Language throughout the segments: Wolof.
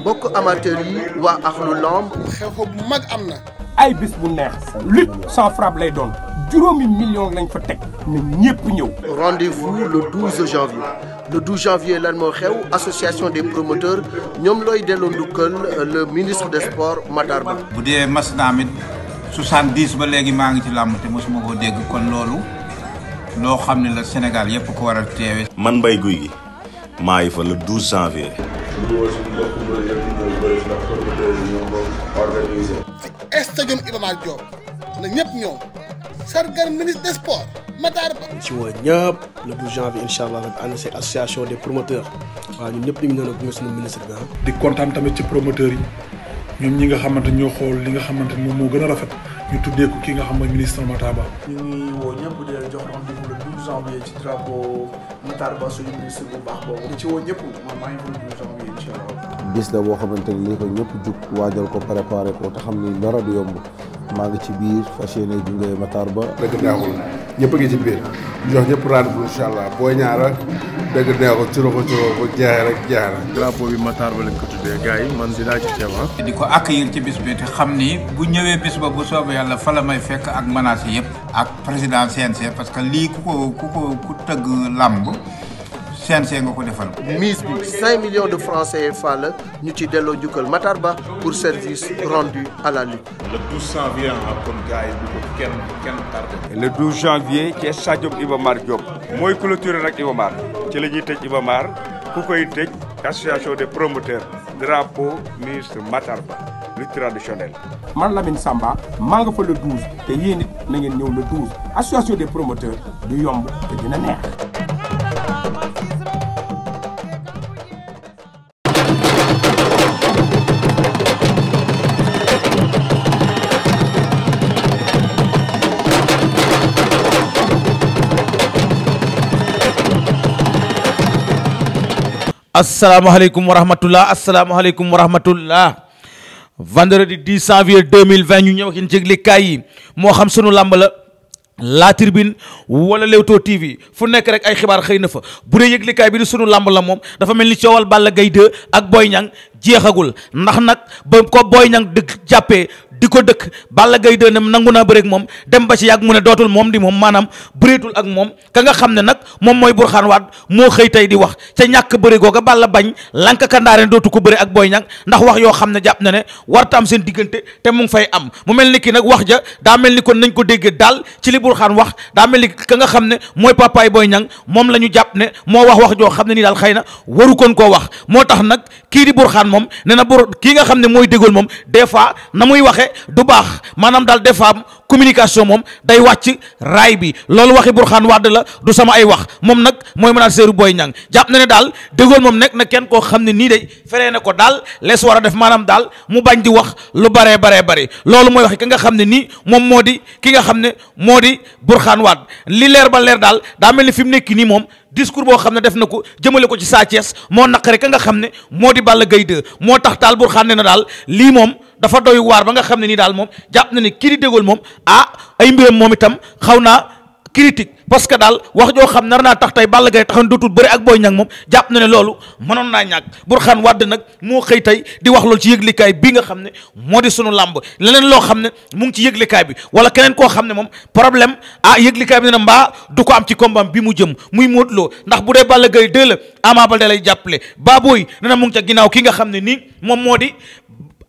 mbokk amateur yi waa Axlu Lamb. xew-xew bu mag am na. ay bis bu neex. lutte sans frappe lay doon. juróomi million lañ fa teg. na ñëpp ñëw. rendez-vous le 12 janvier. le 12 janvier lan moo xew association des promoteurs ñoom looy delloo ndukkal euh, le ministre des sports Matar Ba. bu dee mas naa ba léegi maa ngi ci làmb te mosuma koo dégg kon loolu. loo xam ne la Sénégal yëpp ko war a teewe man Mbaye Gouy Gui maa ngi fa le 12 janvier. ci stadium Iba Mar Diop na ñëpp ñëw sargal ministre des sports Matar Ba. ci woo ñëpp le 12 janvier incha allah nag ànd si association des promoteurs waaw ñëpp ñu ngi ñëw nag bu suñu ministre bi ah. di kontaan tamit ci promoteurs yi. ñoom ñi nga xamante ñoo xool li nga xamante moom moo gën a rafet ñu tuddee ki nga xam mooy ministre Matar Ba. ñu ngi woo ñëpp di leen jox rendez-vous le 12 janvier ci drapeau Matar Ba suñu ministre bu baax boobu. ci woo ñëpp maa ngi le bis la boo xamante ni li ko ñëpp jug waajal ko préparé ko te xam ne dara du yomb maa ngi ci biir fas yéene gunge Matar Ba. dëgg neexul. ñëpp a ngi ci biir jox ñëpp rendez bu incha allah booy ñaar ak dëgg neexul ci roxo ci roxo jeexee rek jeexee rek. drapeau bi Matar ba lañ ko tuddee gars yi man dinaa ci teew ah. di ko accueillir ci bis bi te xam ni bu ñëwee bis ba bu soobee yàlla fa la may fekk ak menaces yëpp. ak président CNC parce que lii ku ko ku ko ku tëgg làmb. CNC nga ko defal. mise bi 5 millions de francs CFA la ñu ci delloo jukkal Matar Ba pour service rendu à la lutte. le 12 janvier ah kon gars yi bu ko kenn mooy clôture nag Iba Mar ci la ñuy tëj Iba Mar ku koy tëj association des promoteurs drapeau ministre Matar Ba lutte traditionnelle. man Lamine Samba maa nga fa le 12 te yéen it na ngeen ñëw le 12 association des promoteurs du yomb te dina neex. asalaamaaleykum wa rahmatullah asalaamaaleykum wa rahmatullah vendredi 10 janvier 2020 ñu ñëw ak yéen ci yëglekaay yi moo xam sunu làmb la La Tribune wala Leewtoo TV fu nekk rek ay xibaar xëy na fa bu dee yëglikaay bi di sunu làmb la moom dafa mel ni coowal Balla Gaye 2 ak Boy Niang jeexagul ndax nag ba ko Boy Niang dëkk jàppee di ko dëkk Balla Gaye de nangu naa bëreek moom dem ba ci yàgg mu ne dootul moom di moom maanaam bëreetul ak moom ka nga xam ne nag moom mooy Burxaan Waat moo xëy tey di wax ca ñàkk bëre googa Balla bañ lank kandaareen dootu ko bëre ak Boy Niang ndax wax yoo xam ne jàpp na ne warta am seen diggante te mu ngi am mu mel ni ki nag wax ja daa mel ni kon nañ ko déggee daal ci li Burxaan wax daa mel ni ka nga xam ne mooy papaay Boy moom la ñu jàpp ne moo wax wax joo xam ne nii daal xëy na waru koon koo wax moo tax nag kii di xaan moom ne na bur kii nga xam ne mooy dégool moom des na muy waxee du baax maanaam daal des fois communication moom day wàcc raay bi loolu waxi Bourkhane Wade la du sama ay wax moom nag mooy mënaat seeru booy Niang jàpp na ne daal dëggoon moom nekk na kenn koo xam ne nii day feree na ko daal lees war a def maanaam daal mu bañ di wax lu baree baree bare loolu mooy wax ki nga xam ne nii moom moo di ki nga xam ne moo di Bourkhane Wade li leer ba leer daal daa mel ni fi mu nekk nii moom discours boo xam ne def na ko jëmale ko ci Sa Thiès moo naqare ka nga xam ne moo di Balla Gaye moo tax daal dafa doyu waar ba nga xam ne nii daal moom jàpp na ne kii di déggool moom ah ay mbiram moom itam xaw naa critique parce que daal wax joo xam nar naa tax tey Balla Gaye taxan dootul bëri ak booy Niang moom jàpp na ne loolu mënoon naa ñàkk Burxaan Wàdd nag moo xëy tey di wax loolu ci yëglikaay bii nga xam ne moo di sunu làmb leneen loo xam ne mu ngi ci yëglikaay bi wala keneen koo xam ne moom problème ah yëglikaay bi ne na mbaa du ko am ci combat bi mu jëm muy Modou ndax bu dee Balla Gaye 2 la Ama Baldé lay jàppale Baboy ne na mu ngi ca ginnaaw ki nga xam ne nii moom moo di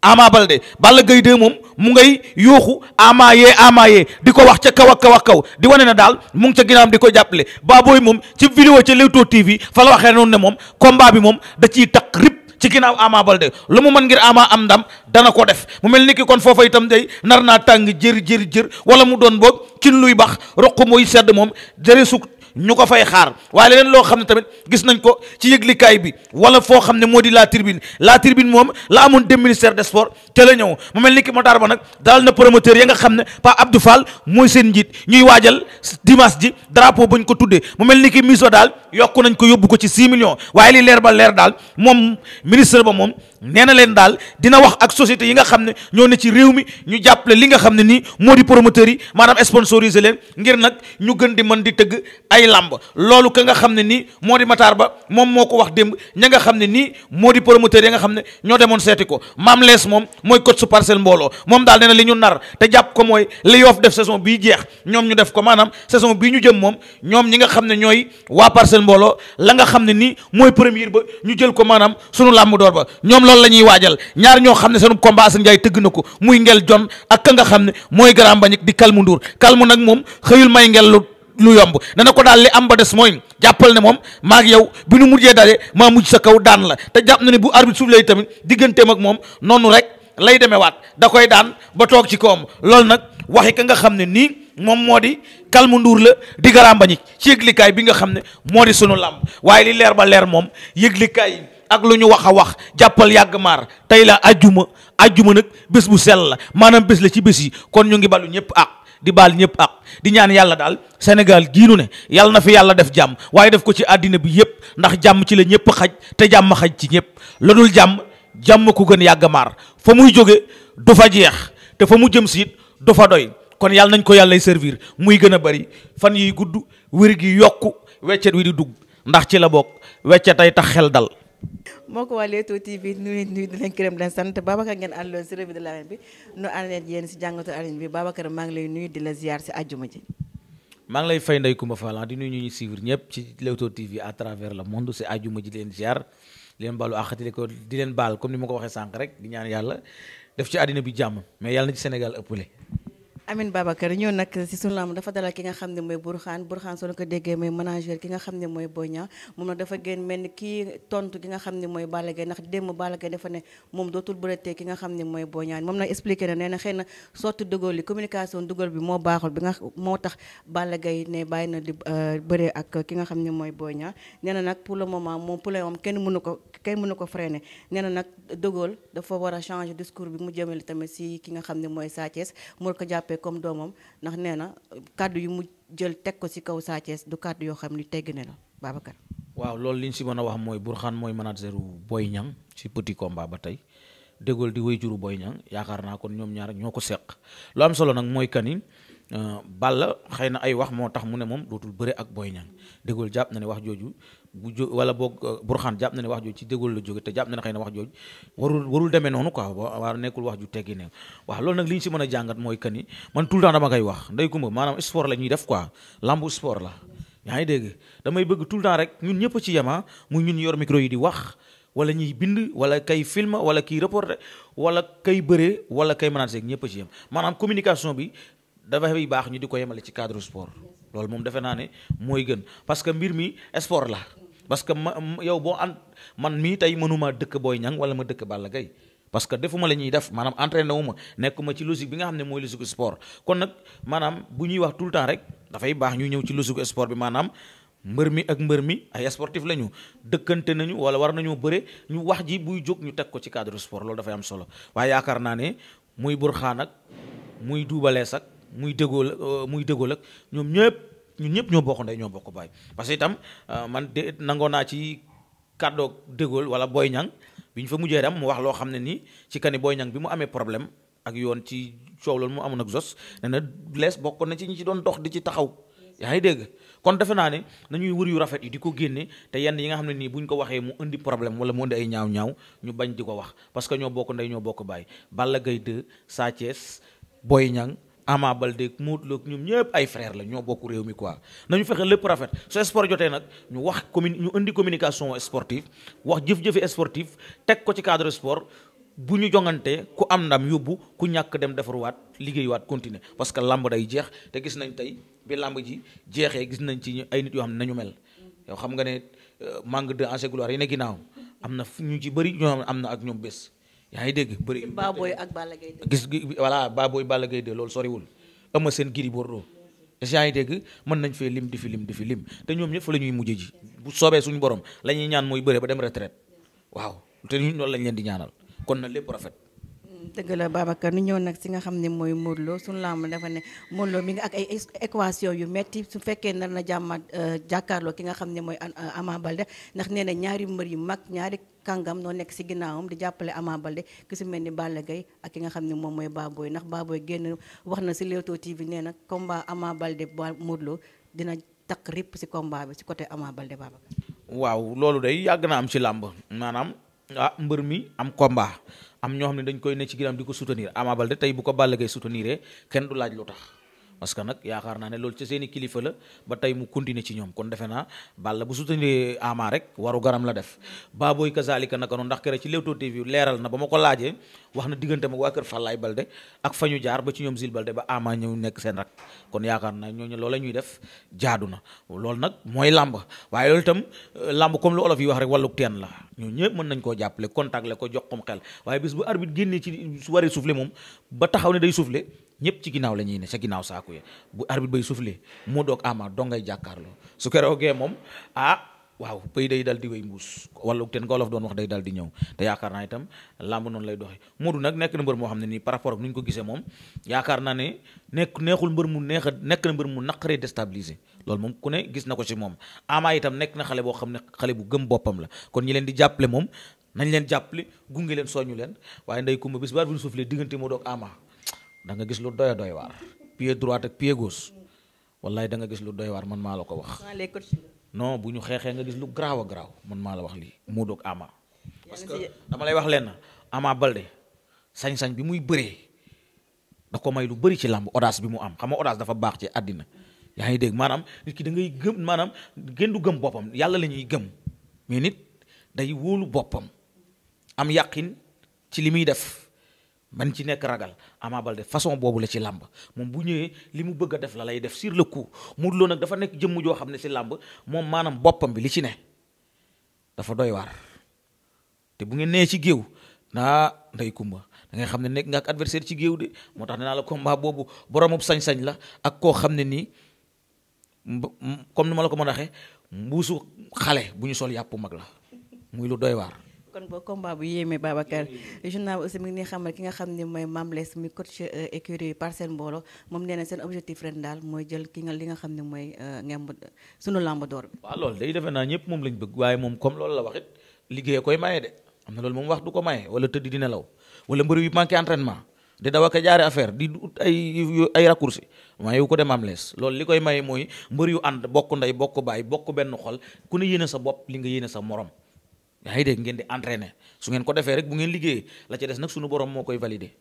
Ama Baldé Balla Gaye moom mu ngay yooxu ama yee ama yee di ko wax ca kaw ak kaw ak kaw di wane na daal mu ngi ca ginnaawam di ko jàppale Baboy moom ci vidéo ca Leewtoo TV fa la waxee noonu ne moom combat bi moom da ciy takk rip ci ginnaaw Ama Baldé lu mu mën ngir Ama am ndam dana ko def mu mel ni ki kon foofa itam day nar naa tàng jër jër jër wala mu doon boog cin luy baax roq mooy sedd moom jëre suk ñu ko fay xaar waaye leneen loo xam ne tamit gis nañ ko ci yëglikaay bi wala foo xam ne moo di la tribune la tribune moom la amoon dem ministère de sports te la ñëw mu mel ni ki motaar ba nag daal na promoteur ya nga xam ne Pa Abdou Fall mooy seen njiit ñuy waajal dimanche ji drapeau bañ ko tuddee mu mel ni ki miso daal yokk nañ ko yóbbu ko ci 6 million waaye li leer ba leer daal moom ministre ba moom nee na leen daal dina wax ak société yi nga xam ne ñoo ne ci réew mi ñu jàppale li nga xam ne nii moo di promoteurs yi maanaam sponsorisé leen ngir nag ñu gën di mën di tëgg ay làmb loolu ka nga xam ne nii moo di Matar Ba moom moo ko wax démb ña nga xam ne nii moo di promoteurs yi nga xam ne ñoo demoon seeti ko maam lees moom mooy coach su parcelle mbooloo moom daal nee na li ñu nar te jàpp ko mooy li yoof def saison bii jeex ñoom ñu def ko maanaam saison bii ñu jëm moom ñoom ñi nga xam ne ñooy waa parcelle mbooloo la nga xam ne nii mooy premier ba ñu jël ko maanaam sunu làmb door ba loolu la ñuy waajal ñaar ñoo xam ne seen combat Assane Ndiaye tëgg na ko muy ngel jon ak ka nga xam ne mooy Grand Mbagnick di Calme Ndour Calme nag moom xëyul may ngel lu lu yomb ne ko daal li am ba des mooy jàppal ne moom maag yow bi nu mujjee daje maa mujj sa kaw daan la te jàpp na ne bu arbitre suuf lay tamit digganteem ak moom noonu rek lay waat da koy daan ba toog ci kawam loolu nag waxi ka nga xam ne nii moom moo di Calme Ndour la di Grand Mbagnick ci yëglikaay bi nga xam ne moo di sunu làmb waaye li leer ba leer moom yëglikaay ak lu ñu wax a wax jàppal yàgg maar tey la ajjuma ajjuma nag bés bu sell la maanaam bés la ci bés yi kon ñu ngi balu ñëpp ak di baal ñëpp ak di ñaan yàlla daal Sénégal giinu ne yàlla na fi yàlla def jàmm waaye def ko ci àddina bi yëpp ndax jàmm ci la ñëpp xaj te jàmm xaj ci ñëpp la dul jàmm jàmm ko gën yàgg maar fa muy jóge du fa jeex te fa mu jëm si it du fa doy kon yàlla nañ ko yàllay servir muy gën a bari fan yiy gudd wér gi yokk weccet wi di dugg ndax ci la bokk weccet ay tax xel dal moo ko waa Leewtoo TV nu nit nuyu di leen gërëm leen sant Babacar ngeen àndaloon si revue de l'arène bi nu àndaleet yéen si jàngatu arène bi Babacar maa ngi lay nuyu di la ziar si àjjuma ji maa ngi lay fay Ndeye Coumba Fall di nuyu ñu ñuy suivre ñëpp ci Leewtoo TV à travers le monde si àjjuma ji di leen ziar di leen baalu àq di ko di leen baal comme ni ma ko waxee sànq rek di ñaan yàlla def ci àddina bi jàmm mais yàlla na ci Sénégal ëppale Amine Babacar ñëw nag si sunu lamb dafa dalal ki nga xam ne mooy Bourkhane Bourkhane soo ko déggee mooy manager ki nga xam ne mooy Boy Niang moom nag dafa génn mel ni kii tontu ki nga xam ne mooy Balla Gaye ndax démb Balla moom na nee na euh, nee na nag pour le moment moom pour le moment kenn mënu ko kenn mënu ko freiner nee na nag dugal dafa war a changer discours bi mu jëmale tamit si ki nga xam ne mooy Sa Thiès ko jàppee comme doomam ndax nee na kàddu yu mu jël teg ko ci kaw Sa Thiès du kàddu yoo xam ni tegg ne la Babacar. waaw loolu li ñu ci mën a wax mooy Bourkhane mooy manager u Boy Niang ci petit combat ba tey déggul di way juru Boy Niang yaakaar naa kon ñoom ñaar ñoo ko seq lu am solo nag mooy kani euh, Balla xëy na ay wax moo tax mu ne moom dootul bëre ak Boy Niang déggul jàpp na ne wax jooju bu jo wala boog euh, burxaan jàpp na ne wax jooju ci déglu la jóge te jàpp na ne xëy na wax jooju warul warul demee noonu quoi waa nekkul wax ju teggi ne waaw loolu nag li ñu si mën a jàngat mooy que ni man tout le temps dama koy wax ndey kumba maanaam sport la ñuy def quoi lambu sport la yaa ngi dégg damay bëgg tout le temps rek ñun ñëpp ci yema ah, ñun yor micro yi di wax wala ñuy bind wala kay film wala kiy reporter wala kay bëree wala kay manager ñëpp yem maanaam communication bi dafay baax ñu di ko yemale ci cadre sport loolu moom defe naa ne mooy gën parce que mbir mi sport la parce que ma yow boo am man mii tey mënuma dëkk booy Niang wala ma dëkk Balla gay parce que defuma la ñuy def maanaam entraîné wu ma nekkuma ci logique bi nga xam ne mooy logique sport kon nag maanaam bu ñuy wax tout le temps rek dafay baax ñu ñëw ci logique sport bi maanaam mbër mi ak mbër mi ay sportif la ñu dëkkante nañu wala war nañoo bëre ñu wax ji buy jóg ñu teg ko ci cadre sport loolu dafay am solo waaye yaakaar naa ne muy burxaan ak muy duubalee ak muy dégoo euh, muy dégoo ak ñoom ñëpp. ñun ñëpp ñoo bokk ndey ñoo bokk baay parce que itam euh, man de nangoo naa ci kàddoog De Gaulle wala Boy Niang bi ñu fa mujjee ram mu wax loo xam ne nii ci kani Boy Niang bi mu amee problème ak yoon ci coow loolu mu amoon ak Zoss nee lees bokk na ci ñi ci doon dox di ci taxaw. yaa ngi dégg kon defe naa ne nañuy wër yu rafet yi di ko génne te yenn yi nga xam ne nii buñ ko waxee mu indi problème wala mu indi ay ñaaw-ñaaw ñu bañ di ko wax parce que ñoo bokk ndey ñoo bokk baay Balla Gaye 2 Sa Thiès Boy Ama de Modou Lo ñoom ñëpp ay frère la ñoo bokk réew mi quoi nañu fexe lépp rafet su sport jotee nag ñu wax commune ñu indi communication sportive wax jëf-jëfi sportif teg ko ci cadre sport bu ñu jongante ku am ndam yóbbu ku ñàkk dem defaruwaat liggéeyuwaat continuer parce que làmb day jeex te gis nañ tey bi làmb ji jeexee gis nañ ci ay nit yoo xam ne nañu mel yow xam nga ne euh, manque de ancienne gloire yi ne ginnaaw am na fu ñu ci bëri ñoo am na ak ñoom bés yaa ngi dégg bëri Baboy ak Balla Gaye gis voilà Baboy Balla Gaye de loolu soriwul ëmma seen Gris Bordeaux yaa ngi dégg mën nañ fee lim di fi lim di fi lim te ñoom ñëpp fa la ñuy mujjee ji bu soobee suñu borom la ñuy ñaan mooy bëre ba dem retraite waaw te ñun loolu lañ leen di ñaanal kon na lépp rafet dëgg la Babacar nu ñëw nag si nga xam ne mooy Modou Lo suñu làmb dafa ne Modou Lo mi ngi ak ay équation yu metti su fekkee nar na jàmmat euh, jàkkaarloo ki nga xam ne mooy euh, Ama Baldé ndax nee na ñaari mbër yu mag ñaari kàngam noo nekk si ginnaawam di jàppale Ama Baldé ki si mel ni Balla Gaye ak ki nga xam ne moom mooy Baboy ndax Baboy génn wax na si Leewtoo TV nee na combat Ama Baldé ba Modou Lo dina takk ripp si combat bi si côté Ama Baldé Babacar waaw loolu day ah mbër mi am combat am ñoo xam ne dañ koy ne ci ginnaam di ko soutenir Ama Baldé tey bu ko Balla Gaye soutenir kenn du laaj lu tax parce que nag yaakaar naa ne loolu ci seeni kilifa la ba tey mu continuer ci ñoom kon defe naa Balla bu soutenir Ama rek waru garam la def Baboy kazalika naka noonu ndax kere ci Leewtoo TV leeral na ba ma ko laajee wax na diggante mag waa kër Fallaye Balde ak fa ñu jaar ba ci ñoom Zil Balde ba Ama ñëw nekk seen rak kon yaakaar naa ñooñu loola ñuy def jaadu na loolu nag mooy làmb waaye loolu itam euh, làmb comme lu olof yi wax rek wàllu teen la ñoo ñëpp mën nañ ñëpp ci ginnaaw la ñuy ne ca ginnaaw saaku ya bu arbitre bay soufflé moo doog ama dong ngay jàkkaarloo su keroogee moom ah waaw pëy day dal di wéy mbuus wala ten golof doon wax day dal di ñëw te yaakaar naa itam làmb noonu lay doxee Modou nag nekk na mbër moo xam ne nii par rapport ak ko gisee moom yaakaar naa nekk neexul mbër mu neex nekk mbër mu naqaree déstabilisé loolu moom ku ne gis na ko ci moom ama itam nekk na xale boo xam ne xale bu gëm boppam la kon ñi leen di jàppale moom nañ leen jàppale gunge leen soññu leen waaye nday kumba bis baat bu ñu suuflee diggante moo doog ama da nga gis lu doy doy waar pied droite ak pied gauche wallaay danga gis lu doy waar man maa la ko wax. non bu ñu xeexee nga gis lu garaaw a garaaw man maa la wax lii Modou ak Ama. parce que dama lay wax leen na Ama Balde sañ-sañ bi muy bëree da ko may lu bëri ci làmb audace bi mu am xam nga audace dafa baax ci àddina yaa ngi dégg maanaam nit ki da ngay gëm maanaam gën du gëm boppam yàlla la ñuy gëm mais nit day wóolu boppam am yàqin ci li muy def. man ci nekk ragal Ama Baldé façon boobu la ci làmb moom bu ñëwee li mu bëgg a def la lay def sur la coup Modou Lo nag dafa nekk jëmm joo xam ne si làmb moom maanaam boppam bi li ci ne dafa doy waar te bu ngeen nee ci géew naa ndey kumba da ngay xam ne nekk nga ak adversaire ci géew de moo tax ne naa la combat boobu boromub sañ-sañ la ak koo xam ne nii comme ni ma la ko mën a waxee mbuusu xale bu ñu sol yàpp mag la muy lu doy waar kon boo combat bu yéeme Babacar journal aussi mi ngi ni xamal ki nga xam ne mooy Mame Less mi coach euh, écurie Parcelles Mbooloo moom nee na seen objectif ren daal mooy jël ki nga li nga xam ne mooy euh, ngemb sunu lamb door bi waaw loolu day defe naa ñëpp moom lañ bëgg waaye moom comme loolu la wax it koy maye de am na loolu moom wax du ko maye wala tëdd di nelaw wala mbër yu manqué entraînement di daw ak jaare affaire di ut ay ay raccourci waaye yu ko dem am lees loolu li koy maye mooy mbër yu ànd bokk ndey bokk baay bokk benn xol ku ne yéene sa bopp li nga yéene sa morom yaa ngi dégg ngeen di entraîner su ngeen ko defee rek bu ngeen liggéeyee la ca des nag suñu borom moo koy valider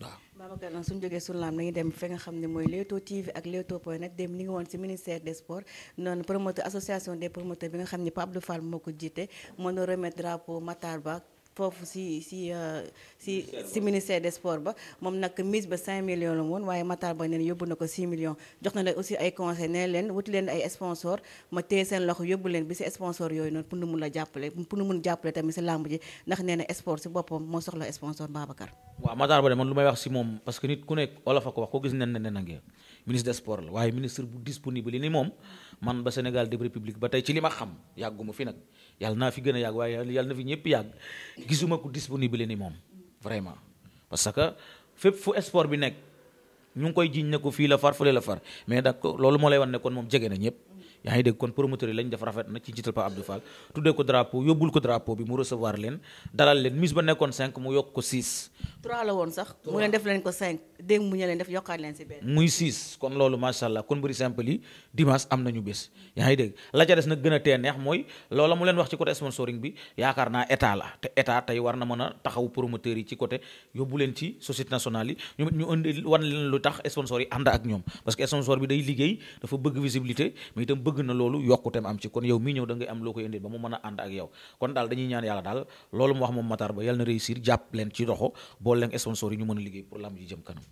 waaw. Babacar nag suñu jógee suñu laam dañuy dem fi nga xam ne mooy Leewtoo TV ak Leewtoo point net dem ni ngi woon si ministère des sports noonu promoteur association des promoteurs bi nga xam ne Pape Abdou Fall moo ko jiite moo doon remettre drapeau Matar baa foofu si si euh, si si ministère des ba moom nag mise ba 5 millions waaye Matar Ba neen yóbbu na ko 6 millions jox na la aussi ay conseil ne leen wuti leen ay sponsor ma téye seen loxo yóbbu leen bi si sponsor yooyu noonu pour nu mun la jàppale pour nu mun jàppale tamit si làmb ji ndax nee na sport si boppam moo soxla sponsor Babacar waaw Matar Ba de man lu may wax si moom parce que nit ku nekk olof a ko wax ko gis nen ne ne nangee ministre de république ma xam a yàgg waaye yàlla na fi ñëpp yàgg gisuma ku disponible ni moom vraiment parce que fépp fu sport bi nekk ñu ngi koy jiñ ne ko fii la far fële la far mais d'accord loolu moo lay wan ne kon moom jege na ñëpp. yaa ngi dégg kon promoteur yi lañ def rafet na ci njiital Pape Abdou Fall tuddee ko drapeau yóbbul ko drapeau bi mu recevoir leen dalal leen mise ba nekkoon 5 mu yokk ko 6. 3 la woon sax. mu leen def leen ko 5 dégg mu ñu leen def yokkaat leen si benn. muy 6 kon loolu macha allah kon bëri simple yi dimanche am nañu bés. yaa ngi dégg la ca nag gën a tee mooy loola mu leen wax ci côté sponsoring bi yaakaar naa état la te état bëgg na loolu yokkuteem am ci kon yow mii ñëw da ngay am loo koy indil ba mu mën a ànd ak yow kon daal dañuy ñaan yàlla daal loolu mu wax moom Matar Ba yàlla na réussir jàpp leen ci doxo bool leen sponsor yi ñu mën a liggéey pour lamb ji jëm kanam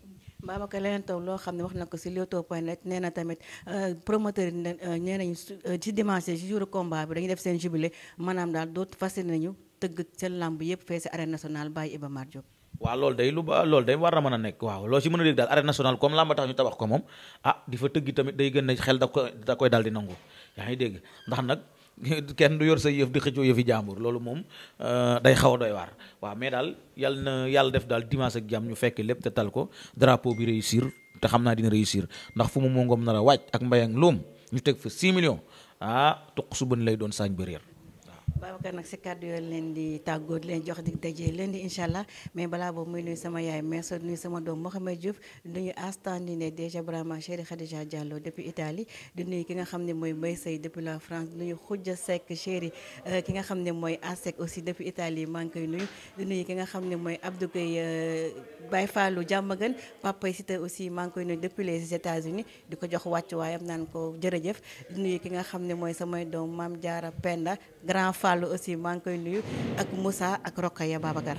Babacar leneen taw loo xam ne wax na ko ci Leewtoo point net tamit euh, promoteur yi euh, nee nañu euh, ci dimanche ci combat bi dañuy def seen jubilé maanaam daal dootu fas nañu tëgg seen lamb yëpp fee ci arène waaw loolu day lu ba lool day war na mën a nekk waaw loo ci mën a dégg daal arène nationale comme lamba tax ñu tabax ko moom ah di fa tëgg tamit day gën ne xel da koy da daal di nangu yaa ngi dégg ndax nag kenn du yor sa yëf di xëccoo yëfi jàmbur loolu moom euh, day xaw a waar waaw mais daal yal na yàlla def daal dimas ak jàmm ñu fekk lépp te tal ko drapeau bi réussir te xam naa dina réussir ndax fu mu moo ngoom nar wàcc ak mbay ak loom ñu teg fa 6 millions ah tuq su bën lay doon saañ ba réer Babacar nag si kàddu yoon leen di tàggoot di leen jox dig daje leen di incha allah mais balaa boobu muy nuyu sama yaay mère so sama doom Mouhamed Diouf di nuyu astandine déjà Brahma chéri Khadija Diallo depuis Italie di nuyu ki nga xam ne mooy Mbaye Seye depuis la France di nuyu euh, ki nga xam ne mooy Asek aussi depuis Italie maa ngi koy ki nga xam ne mooy Abdou Gueye euh, Baye Fallou Diamagan papa Sita aussi maa ngi koy les États-Unis di ko jox wàccuwaayam naan ko jërëjëf di ki nga xam ne mooy samay doom Mame Diarra Penda Fallou aussi maa ngi koy nuyu ak Moussa ak Rokhaya Babacar.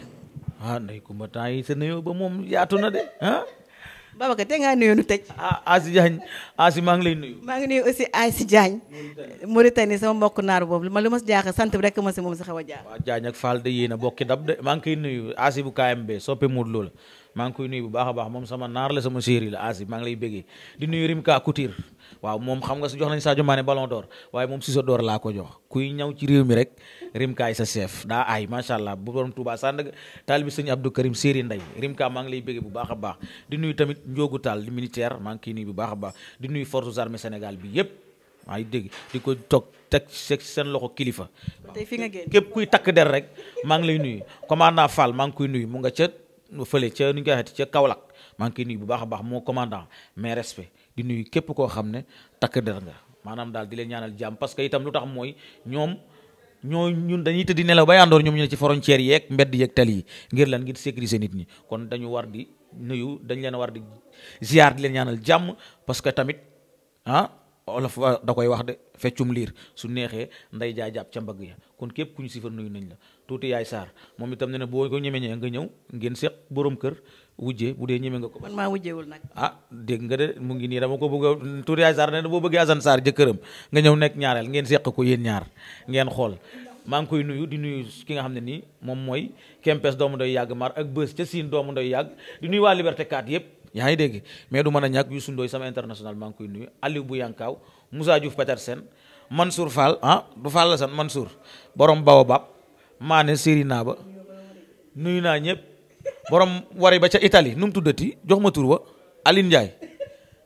ah ndey Kumba yi sa nuyoo ba moom yaatu na de ah. Babacar te ngaa nuyoo nu tëj. ah Asi Diagne Asi maa lay nuyu. maa ngi nuyu aussi Asi Diagne. Mauritanie sama mbokk naar boobu ma lu ma si jaaxal sant bi rek ma si moom si xaw a jaaxal. waaw Diagne ak Fall de yéen a bokki dab de maa ngi koy nuyu Asi bu KMB soppe Modou Lo la maa ngi koy nuyu bu baax a baax moom sama naar sama séeri la asi maa lay béggee di nuyu Rimka Couture waaw moom xam nga su jox nañ Sadio Mané ballon d'or waaye moom Ciseau a laa ko jox kuy ñaw ci réew mi rek Rimka ay sa chef daa aay macha allah bu borom Touba Sandaga taalibi sëñ Abdou Karim séeri nday Rimka maa ngi lay béggee bu baax a baax di nuyu tamit Ndiogu Tall di militaire maa ngi koy nuyu bu baax a baax di nuyu forces armées Sénégal bi yépp maa ngi dégg di ko toog teg seen loxo kilifa. tey fi képp kuy takk der rek maa ngi lay nuyu commandant Fall maa ngi koy nuyu mu nga ca. fële ca nu ñu koy ca Kaolack maa ngi koy nuyu bu baax a baax moo commandant mais respect di nuyu képp koo xam ne takk der nga maanaam daal di leen ñaanal jàmm parce que itam lu tax mooy ñoom ñoo ñun dañuy tëdd nelaw bay àndoor ñoom ñu ne ci frontière yeeg mbedd yeeg tali yi ngir leen ngir sécuriser nit ñi kon dañu war di nuyu dañ leen war di ziar di leen ñaanal jàmm parce que tamit ah olof da koy wax de feccum liir su neexee nday jaa jàpp ca mbag ya kon képp ku ñu sifar nuyu nañ la tuuti yaay saar moom itam ne ne boo ko ñemee ñee nga ñëw ngeen seq borom kër wujjee bu dee ñeme nga ko. man maa wujjeewul nag. ah dégg nga de mu ngi nii dama ko bëgg a tuuti yaay saar ne boo bëggee Assane Sarr jëkkëram nga ñëw nekk ñaareel ngeen seq ko yéen ñaar ngeen xool. maa ngi koy nuyu di nuyu ki nga xam ne nii moom mooy Kempes doomu ndoy yàgg mar ak bës ca siin doomu ndoy yàgg di nuyu waa Liberté 4 yëpp yaa ngi dégg mais du mën a ñàkk Youssou Ndoye sama international maa ngi koy nuyu Aliou bu Yankaaw Moussa Diouf Petersen Mansour Fall ah du Fall la san Mansour borom Baobab Maane Siri ba nuyu naa ñëpp borom wari ba ca Italie nu mu tuddati jox ma tur wa Aline Ndiaye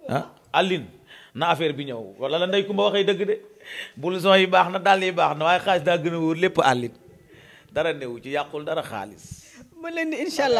ah Aline na affaire bi ñëw wala la ndey kumba waxee dëgg de blouson yi baax na dàll yi baax na waaye xaalis daa gën a wóor lépp Aline dara newu ci yàqul dara xaalis. ma leen di incha